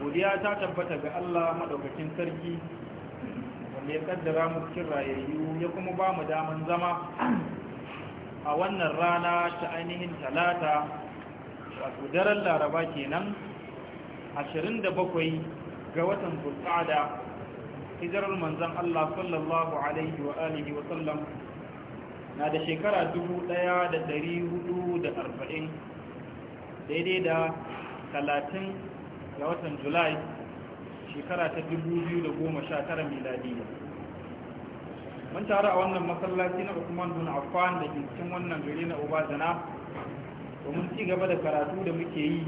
godiya ta tabbata ga Allah madaukakin sarki wanda ya kaddara mu cikin rayayyu ya kuma ba mu daman zama a wannan rana ta ainihin talata wato daren laraba kenan 27 ga watan zulqa'ada hijirar manzon Allah sallallahu alaihi wa alihi wa sallam na da shekara 1440 daidai da talatin. ga watan julai shekara ta goma sha 2019 miladiyya mun taru a wannan masallaci na Usman bin Affan da ke cikin wannan gari na Obazana domin ci gaba da karatu da muke yi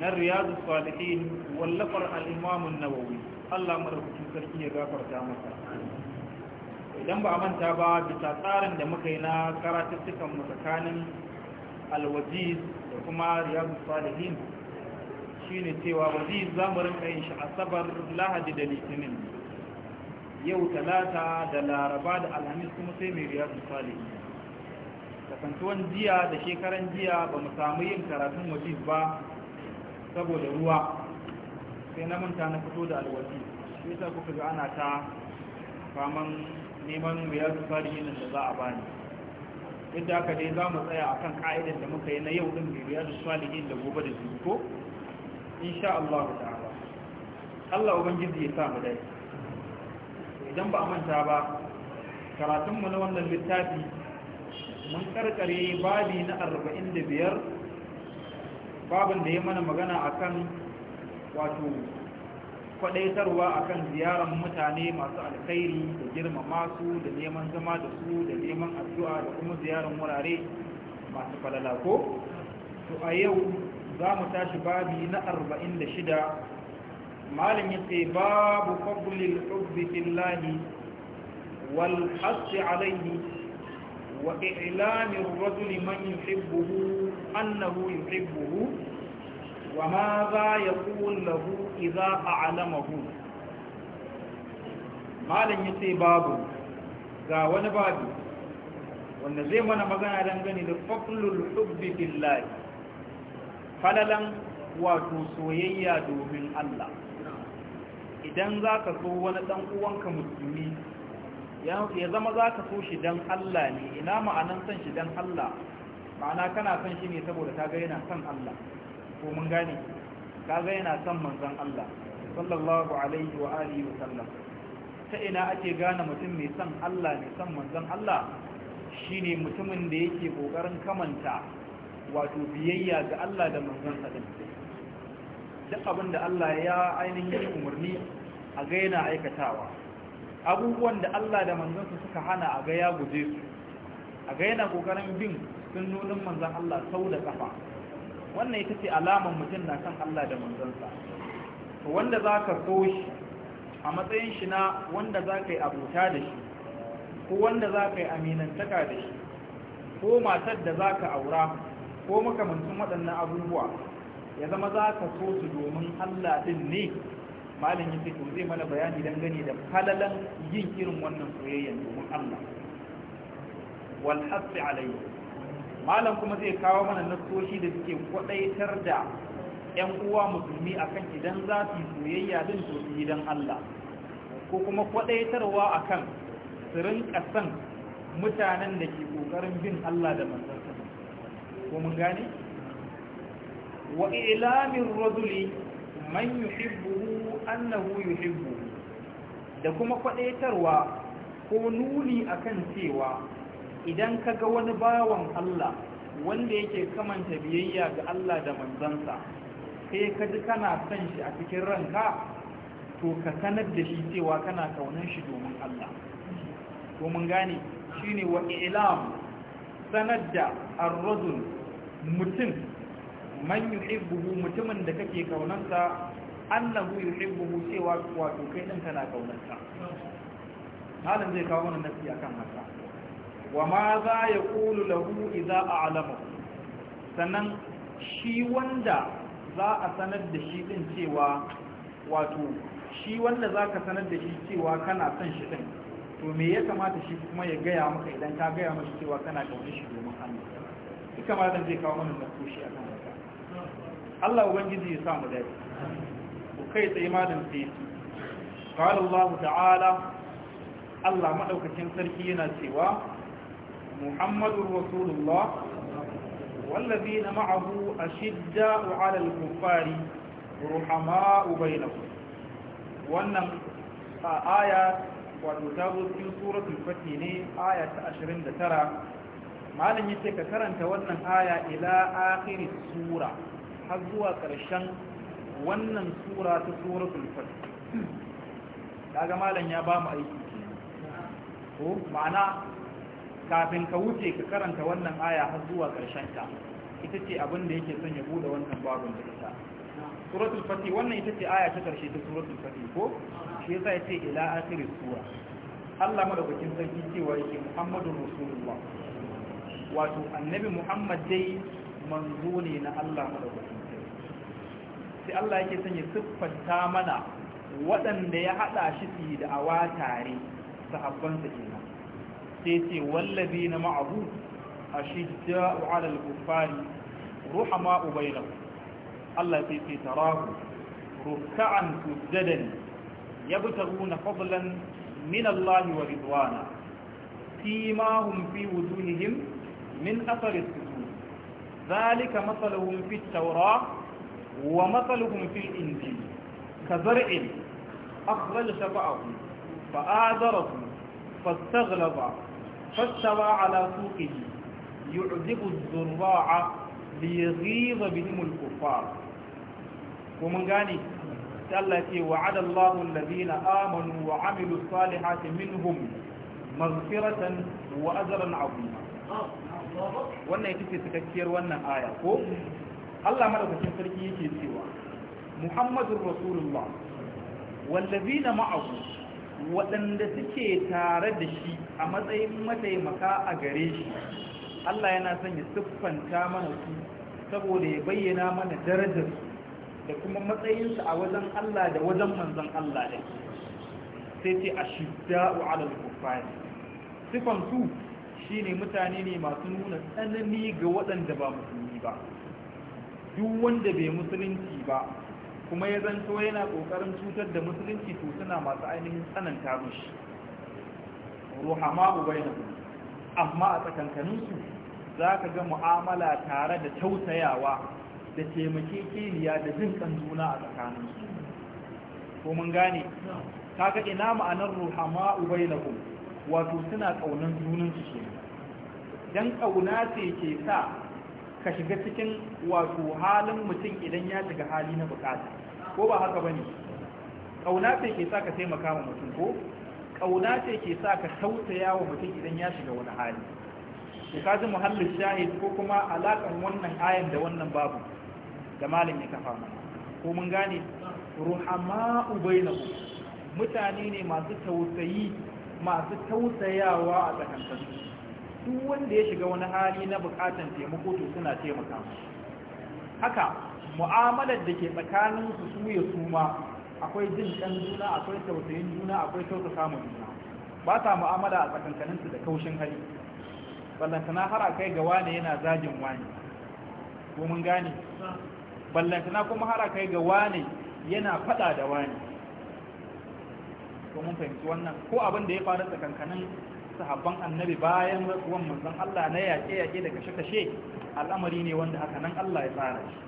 na Riyadu Salihin wallafar al nawawi Allah madaukakin sarki ya gafarta masa idan ba a manta ba bisa tsarin da muka yi na karatuttukan mu tsakanin alwajiz da kuma Riyadu Salihin shine cewa wazi zamurin kai shi asabar lahadi da litinin yau talata da laraba da alhamis kuma sai mai riyar misali kasantuwan jiya da shekaran jiya ba mu samu yin karatun wajiz ba saboda ruwa sai na manta na fito da alwazi sai ta kuka ga ana ta faman neman misali salihin da za a bani yadda aka dai za mu tsaya akan ka'idar da muka yi na yau din riyadu yin da gobe da ko. insha Allah ta'ala Allah ubangiji ya sa mu dai idan ba manta ba karatun mu na wannan littafi mun karkare babi na 45 babin da ya mana magana akan wato kwadaitarwa akan ziyarar mutane masu alkhairi da girmama su da neman zama da su da neman addu'a da kuma ziyarar wurare masu falala ko to a yau za mu tashi babi na 46 malin yace babu fadlil hubbi fillahi wal haske alayhi wa i'lami ar-rajuli man yuhibbuhu annahu yuhibbuhu wa ma za ya yaqul lahu idha a'lamahu malin yace babu ga wani babi wanda zai mana magana dangane da fadlul hubbi fillahi falalan wato soyayya domin Allah idan za ka so wani ɗan uwanka musulmi ya zama za ka so shi don Allah ne ina ma'anan son shi don Allah ma'ana kana son shi ne saboda ta ga yana son Allah ko mun gane Ta ga yana son manzan Allah sallallahu alaihi wa alihi wa sallam ta ina ake gane mutum mai son Allah mai son manzan Allah Shi ne mutumin da yake kokarin kamanta wato biyayya ga Allah da sa din duk abin da Allah ya ainihin umarni a ga yana aikatawa abubuwan da Allah da manzansa suka hana a ga ya guje su a ga yana kokarin bin sunnonin manzan Allah sau da kafa wannan ita ce alaman mutum na kan Allah da to wanda za so shi a matsayin shi na wanda za yi abuta da shi ko wanda za ka yi aminantaka da shi ko matar da zaka aura ko makamancin waɗannan abubuwa ya zama za ka so su domin Allah din ne malin yace to zai mana bayani dangane da falalan yin irin wannan soyayya domin Allah wal hasbi alayhi malam kuma zai kawo mana nasoshi da suke kwadaitar da 'yan uwa musulmi akan idan za su soyayya din to su Allah ko kuma kwadaitarwa akan su rinka san mutanen da ke kokarin bin Allah da manzon ko mun gane wa ilamin raduli man yuhibbu annahu yuhibbu da kuma kwadaitarwa ko nuni akan cewa idan ka ga wani bawan Allah wanda yake kamanta biyayya ga Allah da manzansa sai ka ji kana son shi a cikin ranka to ka sanar da shi cewa kana kaunar shi domin Allah to mun gane shine wa ilam sanar da ar-rajul mutum man yuhibbuhu mutumin da kake kaunansa annahu yuhibbuhu cewa wato kai din kana kaunansa halin zai kawo mana nasi akan haka wa ma za ya qulu lahu idza a'lama sannan shi wanda za a sanar da shi din cewa wato shi wanda zaka sanar da shi cewa kana son shi din to me ya kamata shi kuma ya gaya maka idan ka gaya masa cewa kana kaunin shi domin Allah duka malam zai kawo mana nasoshi a kan haka Allah ubangiji ya samu dace ku kai tsaye dan sai قال الله تعالى الله مدوكين sarki yana cewa محمد rasulullah الله والذين معه أشداء على الكفار رحماء بينهم wannan aya wato ta zo cikin suratul fatih ne aya ta tara. malin yace ka karanta wannan aya ila akhiri sura har zuwa karshen wannan sura ta suratul fath kaga malam ya ba mu aiki ko ma'ana kafin ka wuce ka karanta wannan aya har zuwa karshen ta ita ce abin da yake son ya bude wannan babun da ita suratul fati wannan ita ce aya ta karshe ta suratul fati ko shi yasa yace ila akhiri sura Allah madaukakin sarki cewa yake Muhammadu Rasulullah wato annabi muhammad dai manzo ne na allah madaukakin sai allah yake sanya siffanta mana waɗanda ya haɗa shi su da awa tare sahabbansa kenan sai ce wallabi na ma'abu a shi ja'u alal kufari ruha ma'u bainahu allah sai ce tarahu ruka'an sujjadan yabtaguna fadlan min allah wa ridwana simahum fi wujuhihim من أثر السجود ذلك مثلهم في التوراة ومثلهم في الإنجيل كزرع أخرج شفعه فآذره فاستغلظ فاستوى على سوقه يعذب الزراع ليغيظ بهم الكفار ومن قال التي وعد الله الذين آمنوا وعملوا الصالحات منهم مغفرة وأجرا عظيما wannan ita ce cikakkiyar wannan aya ko Allah madaukakin sarki yake cewa Muhammadur Rasulullah wallazina ma'ahu waɗanda suke tare da shi a matsayin mataimaka a gare shi Allah yana son ya siffanta mana su saboda ya bayyana mana darajar da kuma matsayinsa a wajen Allah da wajen manzon Allah da sai ce a shidda wa alal kufari sifan su shine mutane ne masu nuna tsanani ga waɗanda ba musulmi ba duk wanda bai musulunci ba kuma ya zanto yana ƙoƙarin cutar da musulunci to suna masu ainihin tsananta mishi ruhama ubainahu amma a tsakankaninsu za ka ga mu'amala tare da tausayawa da taimakekeniya da jin kan juna a tsakaninsu ko mun gane kaga ina ma'anar ruhama ubainahu wato suna kaunan junansu kenan dan ƙauna ce ke sa ka shiga cikin wato halin mutum idan ya shiga hali na bukata ko ba haka bane ƙauna ce ke sa ka taimaka wa mutum ko ƙauna ce ke sa ka tausaya wa mutum idan ya shiga wani hali to kaji muhallin shahid ko kuma alakan wannan ayan da wannan babu da malin ya kafa ko mun gane ruhama ubainahu mutane ne masu tausayi masu tausayawa a tsakankanin duk wanda ya shiga wani hali na bukatan taimako to suna taimaka haka mu'amalar da ke tsakanin su su ya suma akwai jin dan juna akwai tausayin juna akwai tausasa mu juna ba sa mu'amala a tsakankanin su da kaushin hali ballantana har akai ga wani yana zagin wani ko mun gane ballantana kuma har akai ga wani yana fada da wani ko mun fahimci wannan ko abin da ya faru tsakankanin sahabban annabi bayan rasuwan manzon Allah na yaƙe-yaƙe da kashe-kashe al'amari ne wanda haka nan Allah ya tsara shi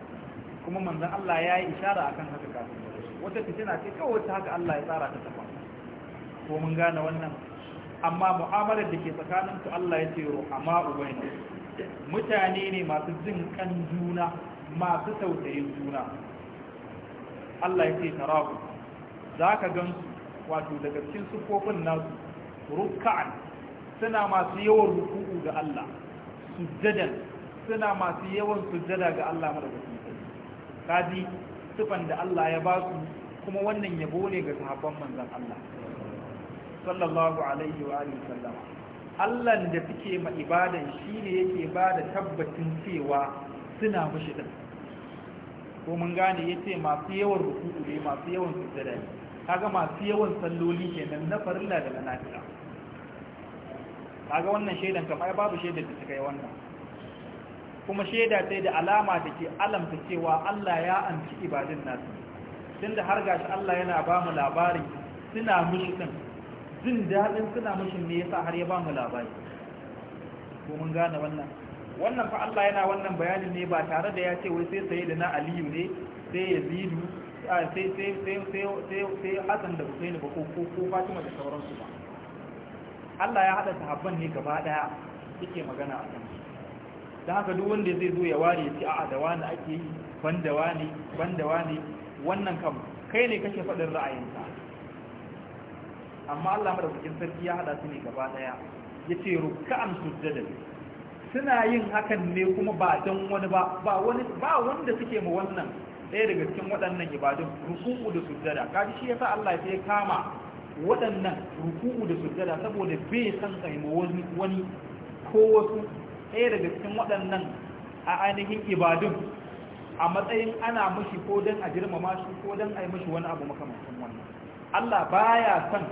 kuma manzon Allah ya yi ishara kan haka kafin wata fitina ce kawai wata haka Allah ya tsara ta tafa ko mun gane wannan amma mu'amalar da ke tsakanin su Allah ya ce ruhama ubaina mutane ne masu jin kan juna masu tausayin juna Allah ya ce tarahu ka gan su? wato daga cikin sufofin nasu rukkan suna masu yawan ruku'u ga Allah sujjadan suna masu yawan sujjada ga Allah madaukakin sarki kaji sifan da Allah ya ba su kuma wannan yabo ne ga sahabban manzon Allah sallallahu alaihi wa alihi sallama Allah da suke ma ibadan shine yake ba da tabbacin cewa suna mushi din ko mun gane yace masu yawan ruku'u ne masu yawan sujjada ne kaga masu yawan salloli kenan na farilla da na nafila kaga wannan shaidan kamar babu shaidar da suka yi wannan kuma shaida sai da alama da ke alamta cewa Allah ya amci ibadin nasu tunda har gashi Allah yana ba mu labari suna mushi din jin daɗin suna mushi ne yasa har ya ba mu labari ko mun gane wannan wannan fa Allah yana wannan bayanin ne ba tare da ya ce wai sai sai da na Aliyu ne sai Yazidu sai sai sai sai sai Hassan da Husaini ba ko ko Fatima da sauransu ba Allah ya haɗa sahabban ne gaba ɗaya yake magana a kansu don haka duk wanda zai zo ya ware shi a a'a da wani ake yi ban da wani ban da wani wannan kam kai ne kake faɗin ra'ayinsa. amma Allah cikin sarki ya haɗa su ne gaba ɗaya ya ce ruka'an sujjada suna yin hakan ne kuma ba don wani ba ba wani ba wanda suke mu wannan ɗaya daga cikin waɗannan ibadun ruku'u da sujjada kaji shi yasa Allah ya kama waɗannan rukuku da sujjada saboda bai san kaima wani wani ko wasu ɗaya daga cikin waɗannan a ainihin ibadun a matsayin ana mashi ko don a girmama shi ko don a yi mashi wani abu makamancin wannan Allah baya son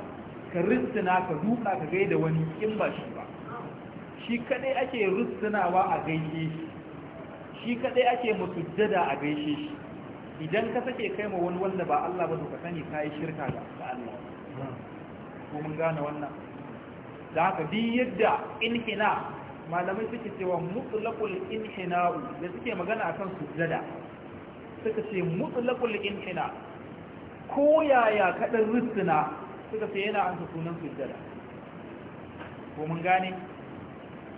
ka ristina ka duka ka gaida wani in ba shi ba shi kadai ake ristinawa a gaishe shi shi kadai ake musujjada a gaishe shi idan ka sake kai ma wani wanda ba Allah ba to ka sani kai shirka ga Allah ko mun gane wannan da haka bi yadda inhina malamai suke cewa mutlaqul inhina da suke magana akan sujjada suka ce mutlaqul inhina ko yaya kadan rutsuna, suka ce yana an sunan sujjada ko mun gane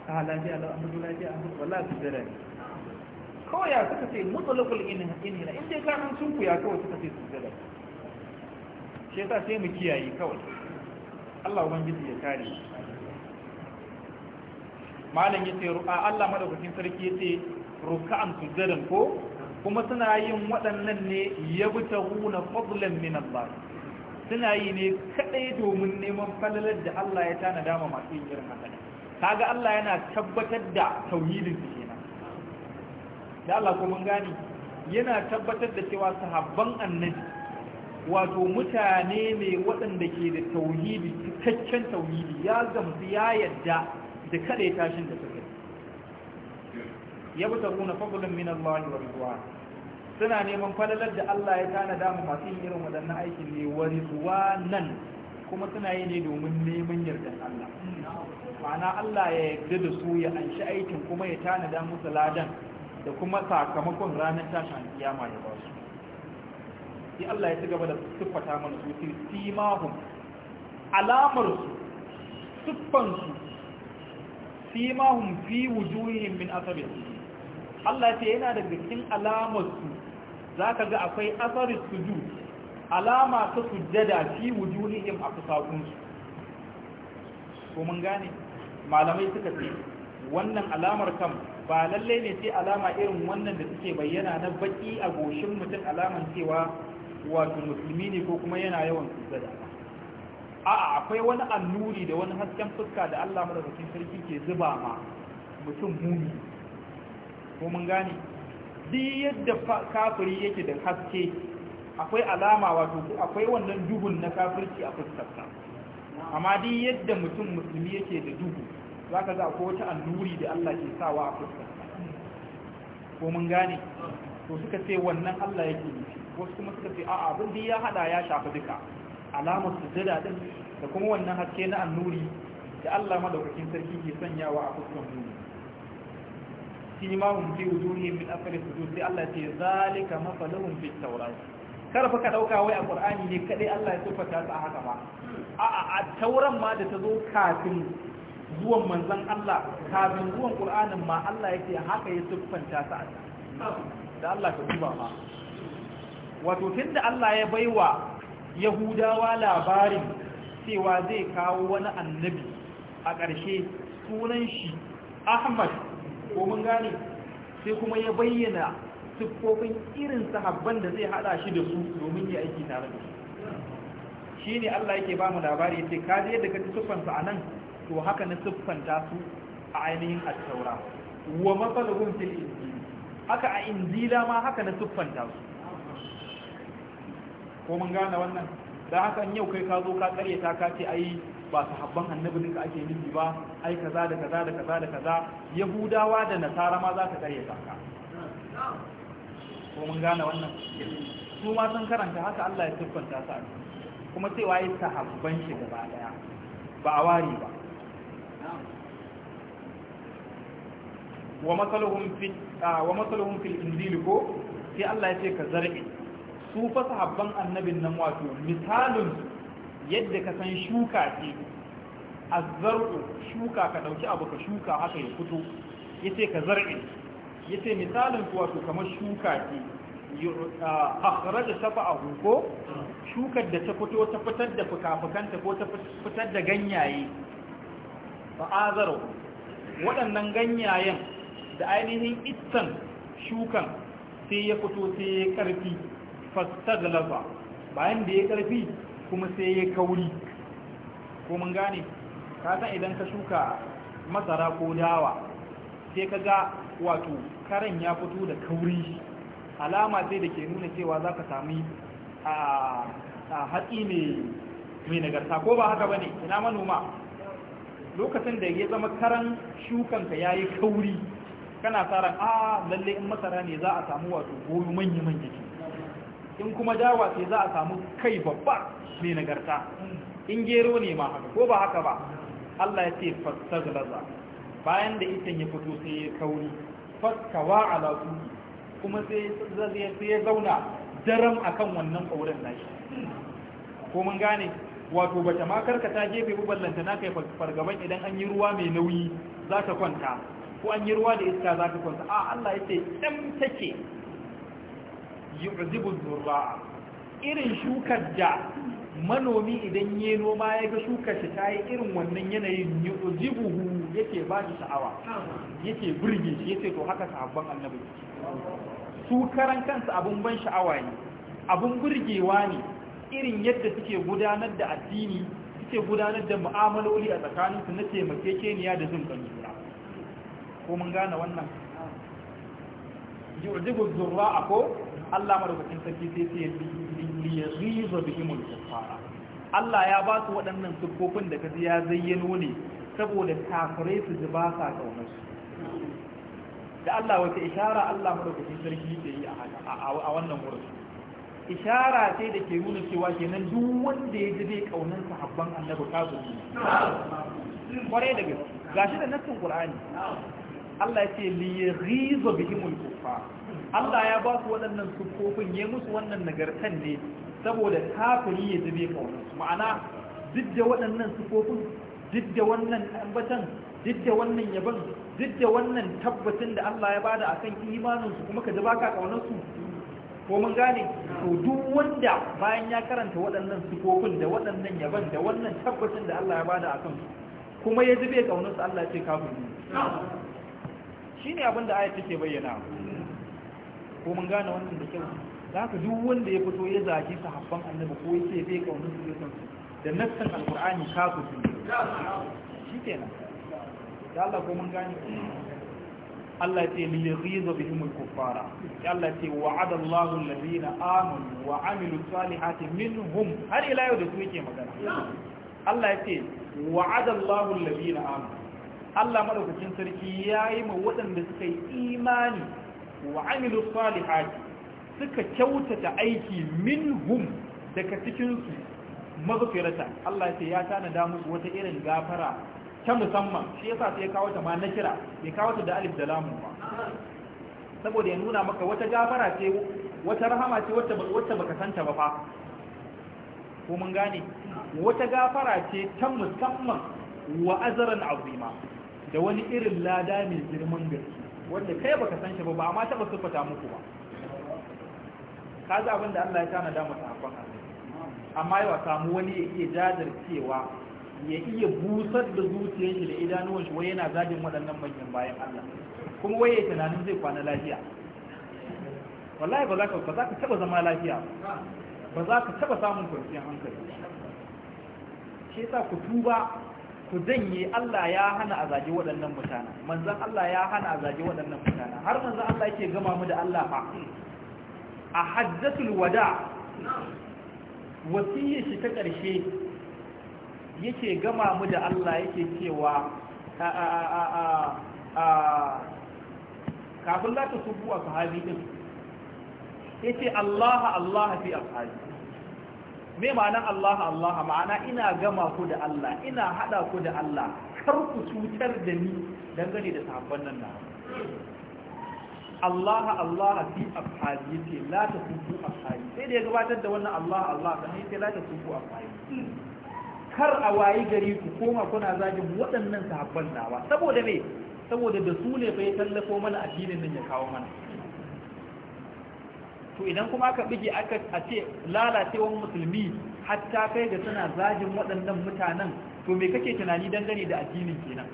ta lafiya da amdu lafiya amdu wallahi sujjada ne ko ya suka ce mutlaqul inhina in dai ka nan sunku ya kawai suka ce sujjada shi sa sai mu kiyaye kawai Allah ubangiji ya kare malam yace ru'a Allah madaukakin sarki yace ruk'an sujadan ko kuma suna yi waɗannan ne yabtahuna fadlan min Allah suna yi ne kaɗai domin neman falalar da Allah ya tana dama masu yin irin haka kaga Allah yana tabbatar da tauhidin su kenan da Allah ko mun gani yana tabbatar da cewa sahabban annabi wato mutane ne waɗanda ke da tauhidi cikakken tauhidi ya gamsu ya yadda da ya tashin da suka ya bi taru min Allah wa suna neman falalar da Allah ya tana damu masu yin irin waɗannan aikin ne wa rizwa nan kuma suna yi ne domin neman yardan Allah ma'ana Allah ya yarda da su ya anshi aikin kuma ya tana da musu ladan da kuma sakamakon ranar tashin kiyama ya ba su sai Allah ya ci gaba da siffata mana su sai simahum alamar su siffan su simahum fi wujuhihim min asabi Allah ya ce yana daga cikin alamar su zaka ga akwai asarin sujud alama ta sujjada fi wujuhihim a fusakun su ko mun gane malamai suka ce wannan alamar kam ba lallai ne sai alama irin wannan da suke bayyana na baki a goshin mutum alaman cewa wato musulmi ne ko kuma yana yawan sujjada a'a akwai wani annuri da wani hasken fuska da Allah madaukakin sarki ke zuba ma mutum muni, ko mun gane duk yadda kafiri yake da haske akwai alama wato akwai wannan duhun na kafirci a fuskarsa amma duk yadda mutum musulmi yake da duhu zaka ga akwai wata annuri da Allah ke sawa a fuskarsa ko mun gane to suka ce wannan Allah yake nufi wasu kuma suka ce a abin da ya hada ya shafi duka alamar su sujada din da kuma wannan haske na annuri da Allah madaukakin sarki ke sanyawa a fuskan mu shi ma hum fi wujuhi min asfali sujud sai Allah ce zalika mafaluhum fi tawrat kar fa ka dauka wai a qur'ani ne kadai Allah ya sifata ta haka ba a a tauran ma da ta zo kafin zuwan manzon Allah kafin zuwan qur'anin ma Allah yake haka ya siffanta ta da Allah ka duba ma wato tunda Allah ya baiwa yahudawa labarin cewa zai kawo wani annabi a ƙarshe sunan shi ahmad ko mun gane sai kuma ya bayyana siffofin irin sahabban da zai hada shi da su domin ya aiki tare da shi ne Allah yake ba mu labari ya ka je yadda ka ci siffansa a nan to haka na siffanta su a ainihin attaura wa mafalugun fil injil haka a injila ma haka na siffanta su ko mun gane wannan da haka yau kai ka zo ka ta ka ce ai ba sahabban annabi duka ake nufi ba ai kaza da kaza da kaza da kaza yahudawa da nasara ma za ka ta ka ko mun gane wannan su ma sun karanta haka Allah ya siffanta su kuma cewa ta sahabban shi gaba daya ba a wari ba wa matsaluhun ah, fil injili ko sai Allah ya ce ka zargi. su fa sahabban annabin nan wato misalin yadda ka san shuka ce a azzar'u shuka ka ɗauki abu ka shuka haka ya fito ya ce ka ya ce misalin su wato kamar shuka ce a da akhraja a ko shukar da ta fito ta fitar da fuka ko ta fitar da ganyaye ba a fa'azaru waɗannan ganyayen da ainihin ittan shukan sai ya fito sai ya ƙarfi fastaglafa bayan da ya karfi kuma sai ya kauri ko mun gane ka san idan ka shuka masara ko dawa sai ka ga wato karan ya fito da kauri alama sai da ke nuna cewa za ka sami a hatsi mai nagarta ko ba haka ba ne ina manoma lokacin da ya zama karan shukanka ya yi kauri kana tsara a ah, lalle in masara ne za a samu wato goyo manya-manya ke in kuma dawa ce za a samu kai babba mai nagarta in gero ne ma haka ko ba haka ba Allah ya ce fastaglaza bayan da itan ya fito sai ya kauri fastawa ala tuki kuma sai sai ya zauna daram akan wannan kaurin nashi ko mun gane wato bata ma karkata gefe ballanta na kai fargaban idan an yi ruwa mai nauyi za ta kwanta ko an yi ruwa da iska za ta kwanta a Allah ya ce dan take yu'zibu zurra irin shukar da manomi idan ya noma ya ga shukar shi ta yi irin wannan yanayin hu yake ba shi sha'awa yake burge shi yace to haka sahabban annabi su karan kansu abun ban sha'awa ne abun burgewa ne irin yadda suke gudanar da addini suke gudanar da mu'amaloli a tsakaninsu na taimakekeniya da zun kan juna ko mun gane wannan yu'jibu zurra ko Allah madaukakin sarki sai ce li yaghiza bihimul kuffara Allah ya ba su waɗannan siffofin da kaji ya zayyano ne saboda kafirai su ji ba sa kaunar su da Allah wata ishara Allah madaukakin sarki da yi a wannan wurin ishara sai da ke nuna cewa kenan duk wanda ya ji zai kaunar sahabban annabi kafiri kwarai da gaske gashi da nassin qur'ani Allah ya ce li yaghizu bihimul kuffar Allah ya ba su waɗannan sukofin ya musu wannan nagartan ne saboda kafiri ya zube kaunar su ma'ana duk da waɗannan sukofin duk da wannan ambatan duk da wannan yabon duk da wannan tabbacin da Allah ya bada akan imanin su kuma ka ji baka kaunar su ko mun gane to duk wanda bayan ya karanta waɗannan sukofin da waɗannan yabon da wannan tabbacin da Allah ya bada akan su kuma ya zube kaunar su Allah ya ce kafiri ne abin da ayat ke bayyana ko mun gane wannan da kyau za zaka duk wanda ya fito ya zaki sahabban annabi ko yace bai kaunin su yasan su da nassan alqur'ani ka ku shikenan da Allah ko mun gane Allah ce li yaghiza bihim al-kuffara Allah ce wa'ada Allahu alladhina amanu wa amilu salihati minhum har ila yau da su yake magana Allah ya ce wa'ada Allahu alladhina amanu Allah madaukakin sarki ya yi ma waɗanda suka yi imani wa amilu salihati suka kyautata aiki minhum daga cikinsu mazfirata Allah ya ce ya tanada musu wata irin gafara ta musamman shi yasa sai ya kawo ta ma na kira ya kawo ta da alif da lamu ba saboda ya nuna maka wata gafara ce wata rahama ce wacce baka santa ba fa ko mun gane wata gafara ce ta musamman wa azran azima da wani irin lada mai girman gaske wanda kai baka san shi ba ba amma taba sufata muku ba ka ji abin da Allah ya tana da masa hakan amma yawa samu wani ya iya jajircewa ya iya busar da zuciyar shi da idanuwan shi wai yana zagin waɗannan manyan bayan Allah kuma wai ya tunanin zai kwana lafiya wallahi ba za ka ba ka taba zama lafiya ba za ka taba samun kwanciyar hankali shi yasa ku tuba ku janye Allah ya hana a zage waɗannan mutane manzan Allah ya hana a zage waɗannan mutane har manzan Allah yake gama mu da Allah ma a hajjatul wada wasiyar shi ta ƙarshe yake gama mu da Allah yake cewa kafin za ta subu a sahabi din yace Allah Allah fi ashabi me ma'anan Allah Allah ma'ana ina gama ku da Allah ina hada ku da Allah kar ku cutar da ni dangane da sahabban nan na Allah Allah fi afhali ce la ta kuku afhali sai da ya gabatar da wannan Allah Allah kan yace la ta kuku afhali kar a wayi gari ku koma kuna zagin waɗannan sahabban nawa saboda me saboda da su ne fa ya tallafo mana addinin nan ya kawo mana to idan kuma aka bige aka a ce lalacewan musulmi hatta kai da suna zajin waɗannan mutanen to me kake tunani dangane da addinin kenan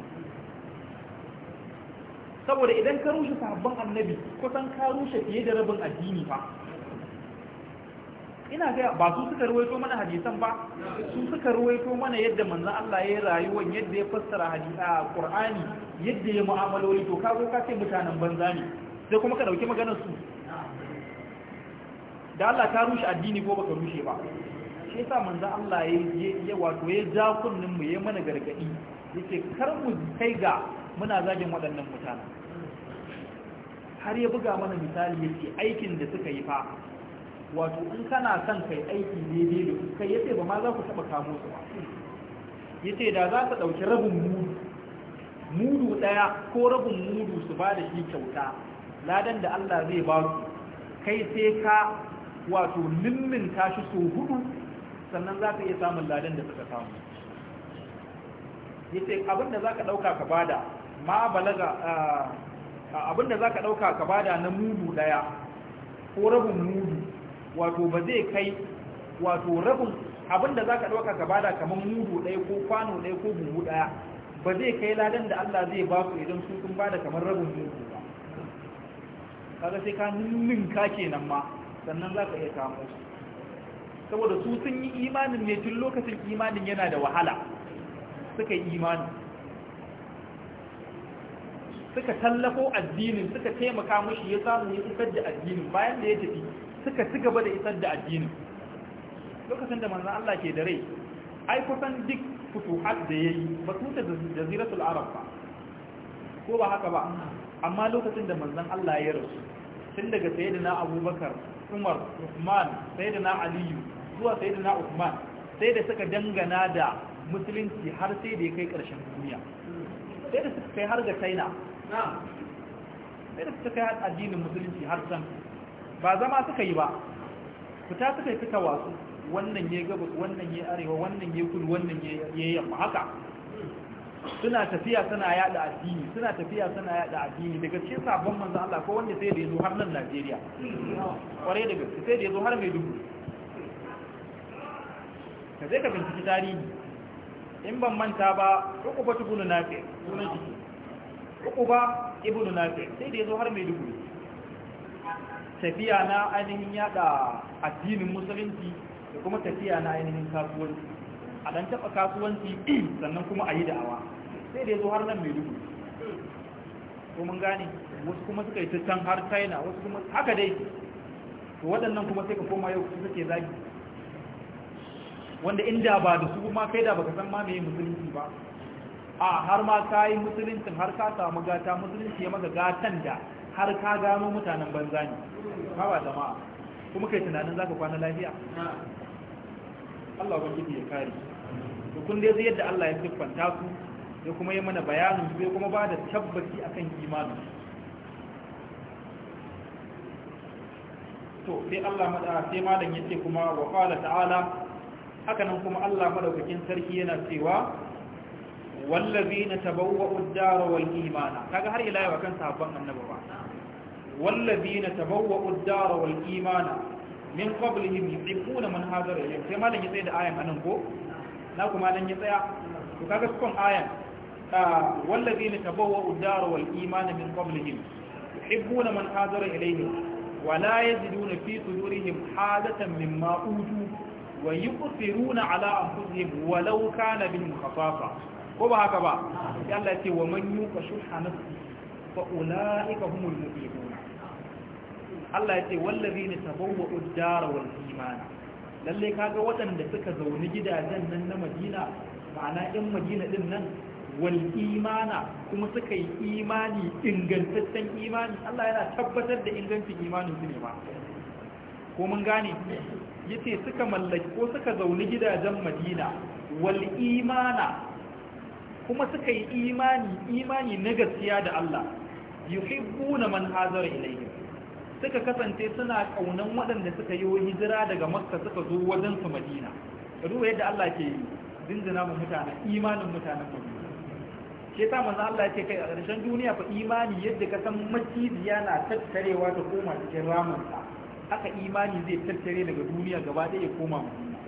saboda idan ka rushe sahabban annabi kusan ka rushe fiye da rabin addini ba. ina ga ba su suka ruwaito mana hadisan ba su suka ruwaito mana yadda manzon Allah ya rayuwa yadda ya fassara hadisa Qur'ani yadda ya mu'amaloli to kago ka ce mutanen banza ne sai kuma ka dauki maganar su da Allah ka rushe addini ko baka rushe ba shi yasa manzo Allah ya ya wato ya ja kunnin mu ya mana gargadi yace kar mu kai ga muna zagin waɗannan mutane har ya buga mana misali yace aikin da suka yi fa wato in kana son kai aiki daidai da kai yace ba ma za ku taba kamo su ba yace da za ka dauki rabin mudu mudu daya ko rabin mudu su ba da shi kyauta ladan da Allah zai ba su kai sai ka wato limmin tashi su hudu sannan za ka iya samun ladan da suka samu yace abinda za ka dauka ka bada ma balaga abinda za ka ɗauka ka bada na mudu ɗaya ko rabin mudu wato ba zai kai wato rabin abinda za ka ɗauka ka bada kamar mudu ɗaya ko kwano ɗaya ko buhu ɗaya ba zai kai ladan da Allah zai ba ku idan su sun bada kamar rabin mudu ba kaga sai ka ka kenan ma sannan za ka iya kamo su saboda su sun yi imanin ne tun lokacin imanin yana da wahala suka yi imanin suka tallafo addinin suka taimaka mushi ya samu ya isar da addinin bayan da ya tafi suka ci gaba da isar da addinin lokacin da manzan Allah ke da rai ai kusan duk futuhat da ya yi ba su ta jaziratul arab ba ko ba haka ba amma lokacin da manzan Allah ya rasu tun daga sayyidina abubakar umar usman sayyidina aliyu zuwa sayyidina usman sai da suka dangana da musulunci har sai da ya kai karshen duniya sai da suka kai har ga china sai da suka kai har addinin musulunci har can ba zama suka yi ba fita suka yi fita wasu wannan ya gaba, wannan ya arewa wannan ya kudu wannan ya yamma haka suna tafiya suna yada addini suna tafiya suna yada addini daga cikin sabon manzo Allah ko wanda sai da yazo har nan Najeriya kware daga sai da yazo har mai dubu ka je ka binciki tarihi in ban manta ba ba tubunu nafi sunan shi ba ibnu nafi sai da yazo har mai dubu tafiya na ainihin yada addinin musulunci da kuma tafiya na ainihin kasuwanci a dan taɓa kasuwanci sannan kuma a yi da'awa sai da ya zo har nan mai dubu ko mun gane wasu kuma suka yi ta can har china wasu kuma haka dai to waɗannan kuma sai ka koma yau su suke zagi wanda inda ba da su ma kai da baka san ma meye musulunci ba a har ma ka yi musuluncin har ka samu gata musulunci ya maka gatan da har ka gano mutanen banza ne ka ba jama'a kuma kai tunanin zaka kwana lafiya Allah ubangiji ya kare to kun dai yadda Allah ya siffanta su ya kuma yi mana bayanin su ya kuma ba da tabbaci akan imanin to sai Allah maɗa sai malam yace kuma wa qala ta'ala haka nan kuma Allah madaukakin sarki yana cewa wallazina tabawwa'u ad-dara wal imana kaga har ila yau kan sahabban annaba ba wallazina tabawwa'u ad-dara wal imana min qablihim yuhibbuna man hajara ilayhim sai malam yace da ayan anan ko na kuma nan ya tsaya to kaga cikin ayan a wallazi ne ta bawa udara wal imani min qablihim yuhibbuna man hadara ilayhim wa la yajiduna fi sudurihim hadatan mimma utu wa yuqsiruna ala anfusihim walau kana bil khafafa ko ba haka ba sai ce wa man yuqa shuha nafsi fa ulaika humul muflihun Allah ya ce wallazi ne ta bawa udara wal lalle kaga waɗanda suka zauni gidajen nan na madina ma'ana yan madina din nan wal imana kuma suka yi imani ingantaccen imani Allah yana tabbatar da ingancin imanin su ne ma ko mun gane yace suka mallaki ko suka zauni gidajen madina wal imana kuma suka yi imani imani na gaskiya da Allah yuhibbuna man hazara ilayhi suka kasance suna kaunan waɗanda suka yi hijira daga makka suka zo wajen su madina ruwa yadda Allah ke dindina mu mutane imanin mutanen madina ke ta manzo Allah ke kai a ƙarshen duniya fa imani yadda ka san maciziya na tattarewa ta koma cikin ramunsa haka imani zai tattare daga duniya gaba ɗaya koma madina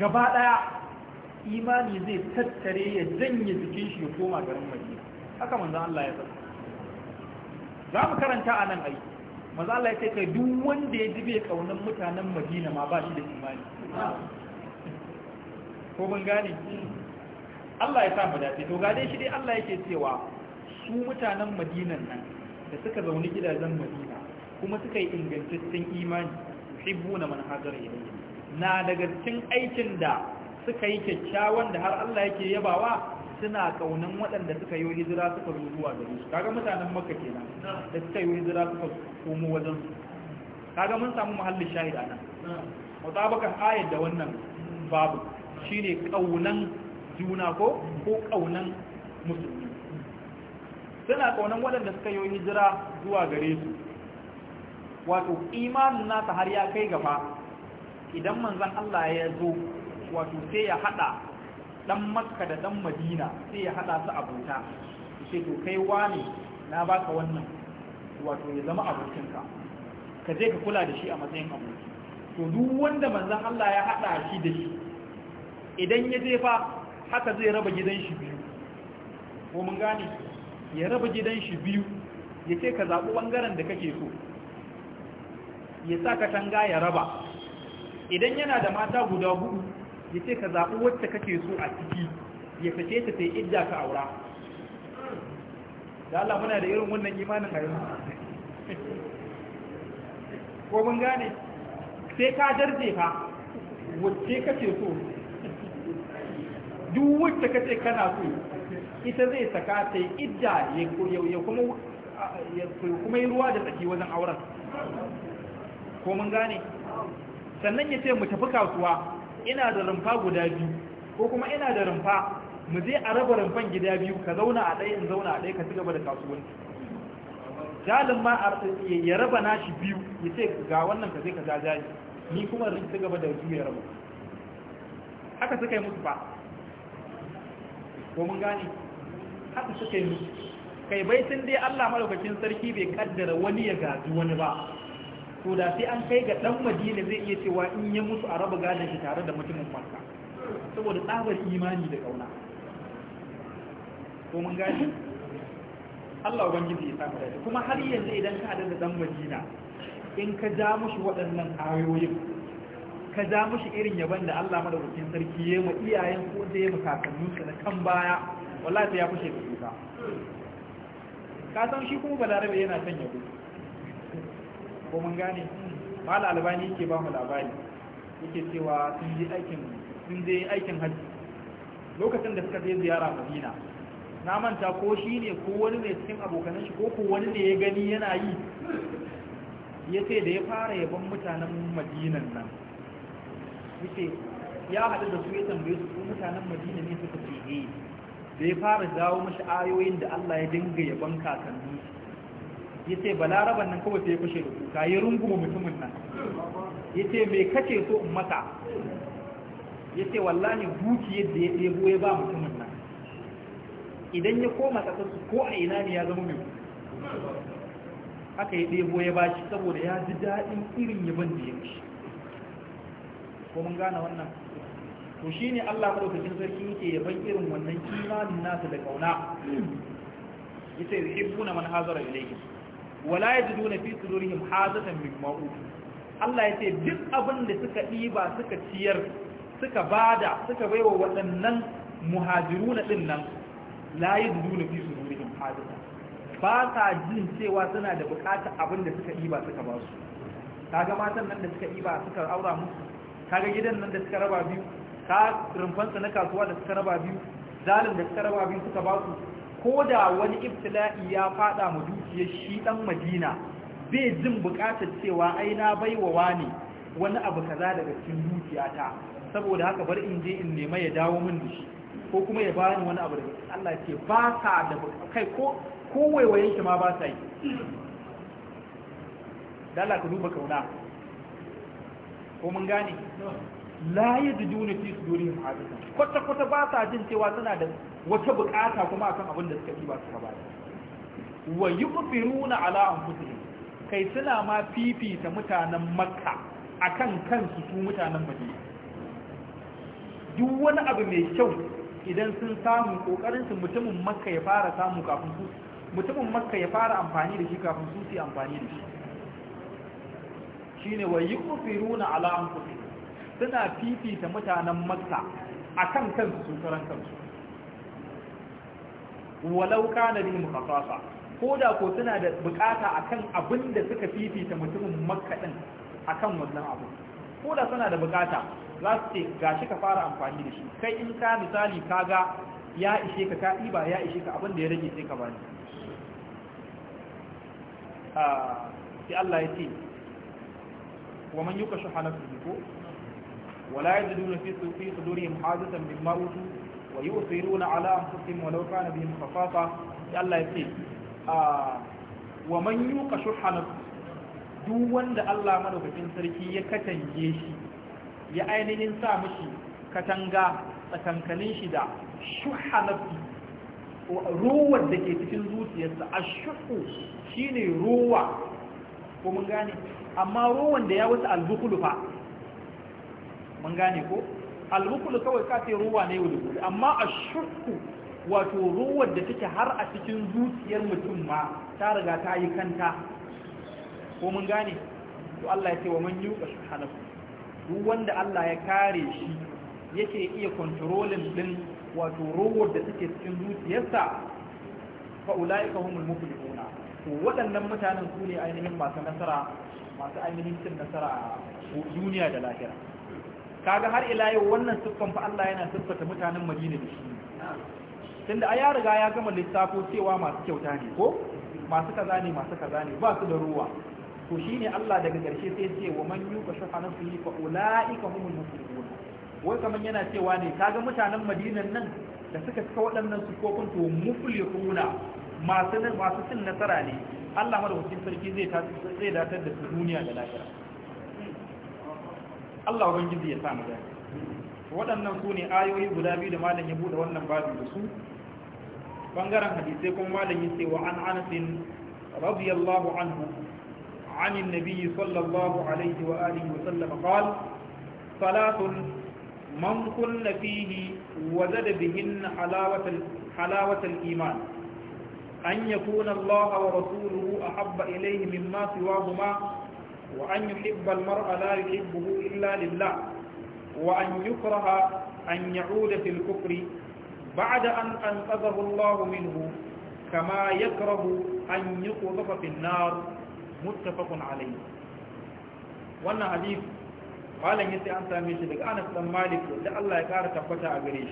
gaba ɗaya imani zai tattare ya janye jikin shi ya koma garin madina haka manzo Allah ya tsaya za mu karanta a nan aiki maza Allah ya ce kai duk wanda ya ji bai kaunar mutanen madina ma ba shi da imani ko mun gane Allah ya sa mu dace to ga dai shi dai Allah yake cewa su mutanen madina nan da suka zauni gidajen madina kuma suka yi ingantaccen imani hibbuna man hajar ilayhi na daga cikin aikin da suka yi kyakkyawan da har Allah yake yabawa suna kaunan waɗanda suka yi hijira suka zo zuwa gare su kaga mutanen makka kenan da suka yi hijira suka komo wajen su kaga mun samu muhallin shahida nan mutabakan ayat da wannan babu shine kaunan juna ko ko kaunan musulmi suna kaunan waɗanda suka yi hijira zuwa gare su wato imanin nasa har ya kai gaba idan manzon Allah ya zo wato sai ya hada dan makka da dan madina sai ya hada su abota sai to kai wani na baka wannan wato ya zama abokinka ka je ka kula da shi a matsayin aboki to duk wanda manzon Allah ya hada shi da shi idan ya je fa haka zai raba gidan shi biyu ko mun gane ya raba gidan shi biyu ya ce ka zaɓi ɓangaren da kake so ya sa tanga ya raba idan yana da mata guda hudu ya ce ka zaɓi wacce kake so a ciki ya fice ta ta yi idda ka aura da Allah muna da irin wannan imanin a yanzu ko mun gane sai ka darje ka wacce kake so duk wacce kace kana so ita zai saka ta yi idda ya kuma kuma yi ruwa da tsaki wajen auren ko mun gane sannan ya ce mu tafi kasuwa ina da rumfa guda biyu ko kuma ina da rumfa mu je a raba rumfan gida biyu ka zauna a ɗaya in zauna a ɗaya ka cigaba da kasuwanci jalin ma ya raba nashi biyu ya ce ga wannan ka zai ka jajaye ni kuma rin cigaba da da ya raba haka suka yi musu ba ko mun gane haka suka yi musu kai bai sun dai Allah maɗaukakin sarki bai kaddara wani ya gaji wani ba to da sai an kai ga dan madina zai iya cewa in ya mutu a raba gadon shi tare da mutumin makka saboda tsabar imani da kauna ko mun gani Allah ubangiji ya samu da kuma har yanzu idan ka da dan madina in ka ja mushi waɗannan ayoyin ka ja mushi irin yaban da Allah madaukakin sarki ya ma iyayen ko da ya kakanninsa na kan baya wallahi ya fushe da ka san shi kuma balarabe yana son yabo ko mun gane mal albani yake ba mu labari yake cewa sun je aikin sun je aikin haji lokacin da suka je ziyara madina na manta ko shi ne ko wani ne cikin abokanan shi ko ko wani ne ya gani yana yi ya ce da ya fara yaban mutanen madinan nan yace ya haɗu da su ya tambaye su ko mutanen madina ne suka ce eh da ya fara dawo mashi ayoyin da Allah ya dinga yaban kakanni ya ce balaraban nan kawai sai ya fashe da kuka yi runguma mutumin nan ya ce mai kace so in mata ya ce wallahi duki yadda ya ɗebo ya ba mutumin nan idan ya koma ƙasarsu ko a ina ne ya zama mai haka ya ɗebo ya ba shi saboda ya ji daɗin irin yaban da ya ci ko mun gane wannan to shi ne allah maɗaukacin sarki yake yaban irin wannan kimanin nasa da ƙauna ya ce buna man hazara ilayhi wala na fi sudurihim hazatan ma'u Allah ya ce duk abin da suka ɗiba suka ciyar suka bada suka baiwa waɗannan muhajiruna din nan la na fi sudurihim hazatan ba sa jin cewa suna da bukatar abin da suka ɗiba suka ba su kaga matan nan da suka ɗiba suka aura musu kaga gidan nan da suka raba biyu ka rumfansa na kasuwa da suka raba biyu zalim da suka raba biyu suka ba su ko da wani ibtila'i ya fada mu dukiya shi dan madina zai jin bukatar cewa ai na baiwa wani wani abu kaza daga cikin dukiyata saboda haka bar in je in nema ya dawo min da shi ko kuma ya bani wani abu daga Allah ce ba sa da kai ko ko waiwayen shi ma ba sa yi ka duba kauna ko mun gane la juna fi sudurihim hadisa kwata kwata ba sa jin cewa suna da wata bukata kuma akan abin da suka kiba su ba wa yuqfiruna ala anfusihim kai suna ma fifita mutanen makka akan kansu su mutanen madina duk wani abu mai kyau idan sun samu kokarin su mutumin makka ya fara samu kafin su mutumin makka ya fara amfani da shi kafin su su amfani da shi shine wa yuqfiruna ala anfusihim suna fifita mutanen makka kan kansu su kansu walau na bihim ko da ko suna da bukata kan abin da suka fifita mutumin makka din kan wannan abu ko da suna da bukata za su ce ga shi ka fara amfani da shi kai in ka misali kaga ya ishe ka ka iba ya ishe ka abin da ya rage sai ka bani ah, sai Allah ya ce wa man yuka ko ولا يجدون في صدورهم حاجة مما أوتوا ويؤثرون على أنفسهم ولو كان بهم خصاصة الله يسير ومن يوق شح نفسه duk wanda Allah madaukakin sarki ya katange shi ya ainihin sa mishi katanga tsakankanin shi da shuha nafi ruwar da ke cikin zuciyarsa a shuhu shine ruwa ko mun gane amma da ya wuce albukulu fa mun gane ko almukulu kawai ka ce ruwa ne wulubul amma ashukku wato ruwan da take har a cikin zuciyar mutum ma ta riga ta yi kanta ko mun gane to Allah ya ce wa man subhanahu duk wanda Allah ya kare shi yake iya controlling din wato ruwan da take cikin zuciyarsa fa ulaika humul muflihuna to waɗannan mutanen su ne ainihin masu nasara masu ainihin cin nasara a duniya da lahira kaga har ila yau wannan siffan fa Allah yana siffata mutanen Madina da shi tunda ai ya riga ya gama lissafo cewa masu kyauta ne ko masu kaza ne masu kaza ne ba su da ruwa to shine Allah daga ƙarshe sai ce wa man yuka shuha fi fa ulaika humul muflihun wai kaman yana cewa ne kaga mutanen Madina nan da suka cika waɗannan sukokin to muflihuna masu masu cin nasara ne Allah madaukakin sarki zai zai datar da su duniya da lafiya. Allah ubangiji ya sa mu waɗannan su ne ayoyi guda biyu da malam ya bude wannan babu da su bangaren hadisai kuma malam ya wa an anasin radiyallahu anhu عن النبي صلى الله عليه وآله وسلم قال ثلاث من كن فيه وزد بهن حلاوة, حلاوة الإيمان أن يكون الله ورسوله أحب إليه مما سواهما وأن يحب المرء لا يحبه إلا لله وأن يكره أن يعود في الكفر بعد أن أنقذه الله منه كما يكره أن يقذف في النار متفق عليه وأن حديث قال يتي أنت ميش لك أنا بن مالك الله يكار تبتا أغريش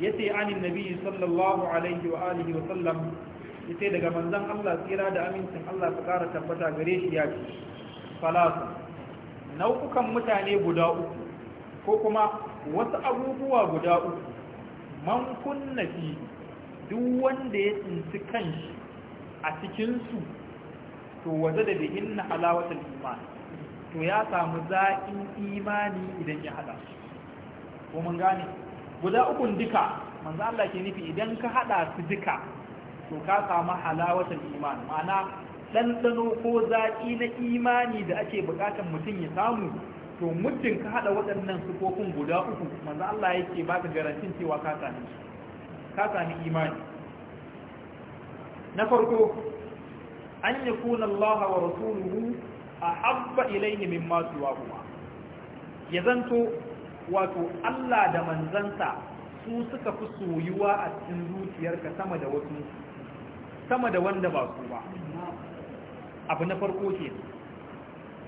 يتي عن النبي صلى الله عليه وآله وسلم يتي لك من ذن الله سيرا دا أمين الله يكار تبتا أغريش ياتي salatu nau'ukan mutane guda uku ko kuma wasu abubuwa guda uku man kunna fi duk wanda ya tsinci kanshi a cikinsu to waje da bihin na halawatul iman to ya samu za'in imani idan ya hada ko mun gane guda ukun duka manzo Allah ke nufi idan ka hada su duka to ka samu halawatul iman ma'ana ɗanɗano ko zaƙi na imani da ake buƙatar mutum ya samu to muddin ka haɗa waɗannan sufofin guda uku manzo Allah yake ba ka garantin cewa ka sami ka sami imani na farko an yakuna Allah wa rasuluhu ahabba ilayhi mimma siwahuma ya zanto wato Allah da manzansa su suka fi soyuwa a cikin zuciyarka sama da wasu sama da wanda ba su ba abu na farko ke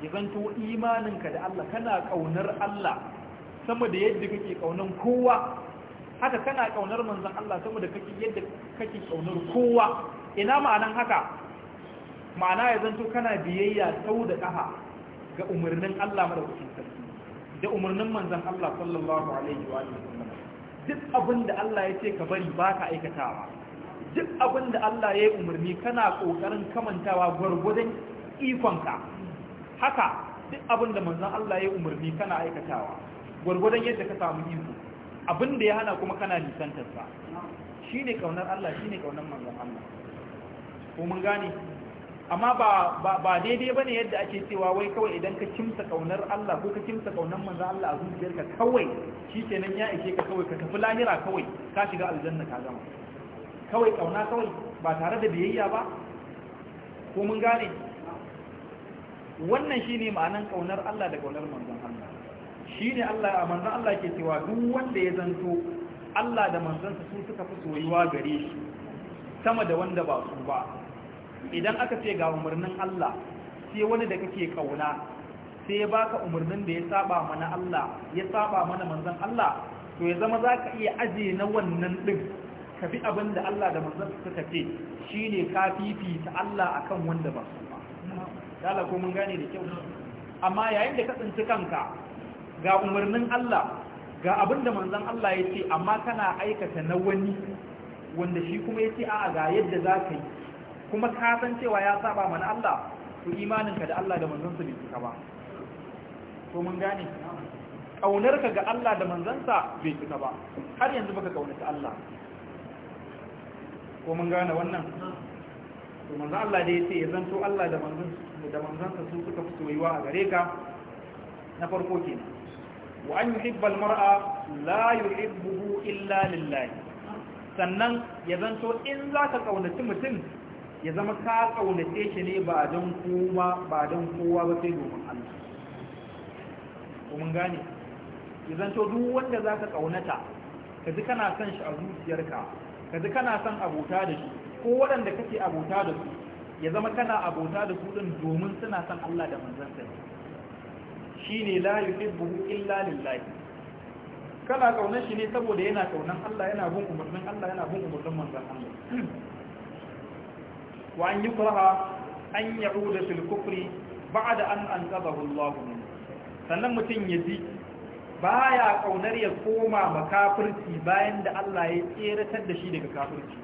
ya zanto imaninka da Allah kana kaunar Allah sama da yadda kake kaunar kowa haka kana kaunar manzon Allah sama da kake yadda kake kaunar kowa ina ma'anan haka ma'ana ya zanto kana biyayya sau da kafa ga umarnin Allah madaukakin sarki da umarnin manzon Allah sallallahu alaihi wa sallam duk abin da Allah ya ce ka bari baka aikatawa duk abin da Allah ya yi umarni kana ƙoƙarin kamantawa gwargwadon ikonka haka duk abin da manzan Allah ya yi umarni kana aikatawa gwargwadon yadda ka samu iko abin da ya hana kuma kana nisantarsa shi ne ƙaunar Allah shi ne ƙaunar manzan Allah ko mun gane amma ba daidai ba ne yadda ake cewa wai kawai idan ka kimsa ƙaunar Allah ko ka kimsa ƙaunar manzan Allah a zuciyarka kawai shi kenan ya ishe ka kawai ka tafi lahira kawai ka shiga aljanna ka gama kawai kauna kawai ba tare da biyayya ba ko mun gane wannan shine ma'anan kaunar Allah da kaunar manzon Allah shine Allah a manzon Allah ke cewa duk wanda ya zanto Allah da manzansa su suka fi soyuwa gare shi sama da wanda ba su ba idan aka ce ga umarnin Allah sai wani da kake kauna sai ya baka umarnin da ya saba mana Allah ya saba mana manzon Allah to ya zama zaka iya aje na wannan din ka bi abin da Allah da manzon suka ce shine ka fifita Allah akan wanda ba su ba dala ko mun gane da kyau amma yayin da ka tsinci kanka ga umarnin Allah ga abin da manzon Allah ya ce amma kana aikata na wani wanda shi kuma ya ce a'a ga yadda za ka yi kuma ka san cewa ya saba mana Allah to imaninka da Allah da manzansa bai cika ba to mun gane kaunarka ga Allah da manzansa bai cika ba har yanzu baka kaunata Allah ko mun gane wannan to manzo Allah da yace ya zanto Allah da manzon da manzansa su suka fi soyuwa a gare ka na farko kenan wa an yuhibba almar'a la yuhibbuhu illa lillahi sannan ya zanto in zaka kaunaci mutum ya zama ka kaunace shi ne ba don kowa ba don kowa ba sai domin Allah ko mun gane ya zanto duk wanda zaka kaunata ka ji kana son shi a zuciyarka kaji kana son abota da shi ko waɗanda kake abota da su ya zama kana abota da su din domin suna son Allah da manzansa layu fi buhu illa lillahi kana ƙaunar shi ne saboda yana ƙaunar? Allah yana bin umarnin Allah yana bin umarnin manzan Allah wa an yukraha an yi fil kufri ba'ada an anqadahu Allah sannan mutum ya ji baya kaunar ya koma makafirci bayan da Allah ya tseratar da shi daga kafirci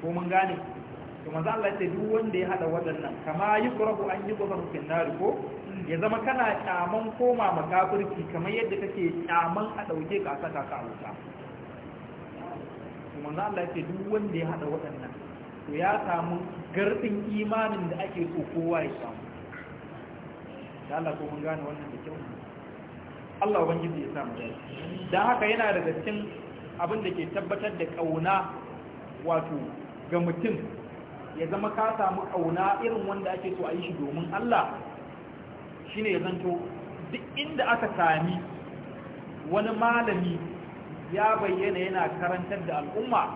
ko mun gane to manzo Allah ya ce duk wanda ya hada waɗannan kama yukrahu an yubzaru fil nar ko ya zama kana kyaman koma makafirci kamar yadda kake kyaman a dauke ka saka ka a wuta to manzo Allah ya ce duk wanda ya hada waɗannan to ya samu gardin imanin da ake so kowa ya samu da Allah ko mun gane wannan da kyau Allah ubangiji ya samu dace Don haka yana da gaskin abin da ke tabbatar da ƙauna wato ga mutum ya zama ka samu ƙauna irin wanda ake so a yi shi domin Allah shi ne ya zanto duk inda aka sami wani malami ya bayyana yana karantar da al'umma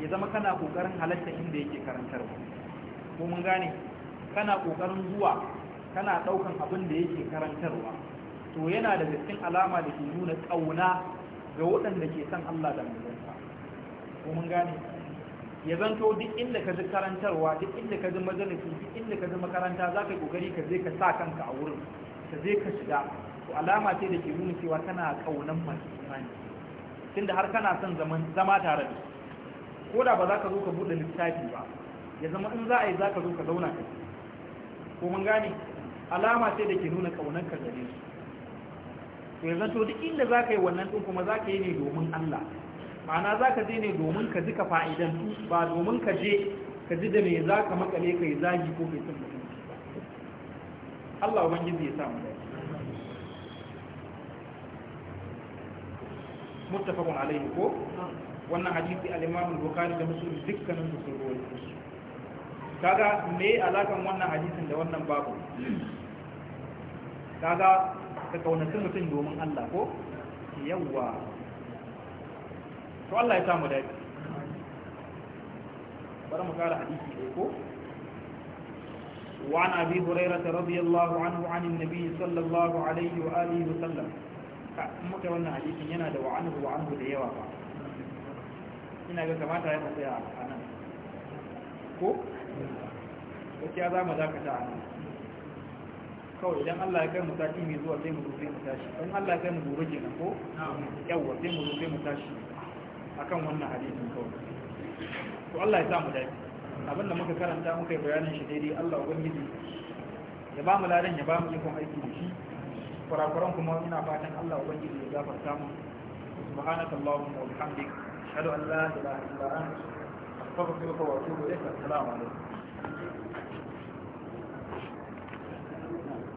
ya zama kana kokarin halatta inda yake ba. ko mun gane kana kokarin zuwa kana ɗaukan abin da yake karantarwa to yana daga cikin alama da ke nuna ƙauna ga waɗanda ke san Allah da manzansa ko mun gane ya zanto duk inda ka ji karantarwa duk inda ka ji majalisi duk inda ka ji makaranta za ka kokari ka je ka sa kanka a wurin ka je ka shiga to alama ce da ke nuna cewa kana ƙaunan masu imani tunda har kana son zama tare da ko da ba za ka zo ka buɗe littafi ba ya zama in za a yi za ka zo ka zauna ka ko mun gane alama ce da ke nuna ƙaunar ka gare su to ya to duk inda za ka yi wannan tun kuma za ka yi ne domin Allah ma'ana za ka je ne domin ka ji ka fa'idan ba domin ka je ka ji da me za ka makale ka yi zagi ko ka yi sun mutum Allah gizi ya samu Mustapha muttafaqun alayhi ko wannan hadisi al-Imam al-Bukhari da Muslim dukkanin su sun rawaito shi kaga me alakan wannan hadisin da wannan babu kaga ka kaunaci mutum domin Allah ko yawwa to Allah ya samu dafi bari mu kara hadisi dai ko وعن أبي هريرة رضي الله عنه عن النبي صلى الله عليه وآله وسلم مكة وانا حديث ينا دو عنه وعنه ديوا ina ga kamata ya tsaya a nan ko? wace za kawai idan Allah ya kai mu sati mai zuwa sai mu rufe mu tashi in Allah ya kai mu gobe nan ko yawa sai mu rufe mu tashi akan wannan hadisin kawai to Allah ya sa mu dace abin da muka karanta muka yi bayanin shi daidai Allah ubangiji ya ba mu ladan ya ba mu ikon aiki da shi kurakuran kuma ina fatan Allah ubangiji ya gafarta mu subhanaka allahumma wa bihamdika ashhadu an la ilaha illa anta astaghfiruka wa atubu ilaik assalamu alaikum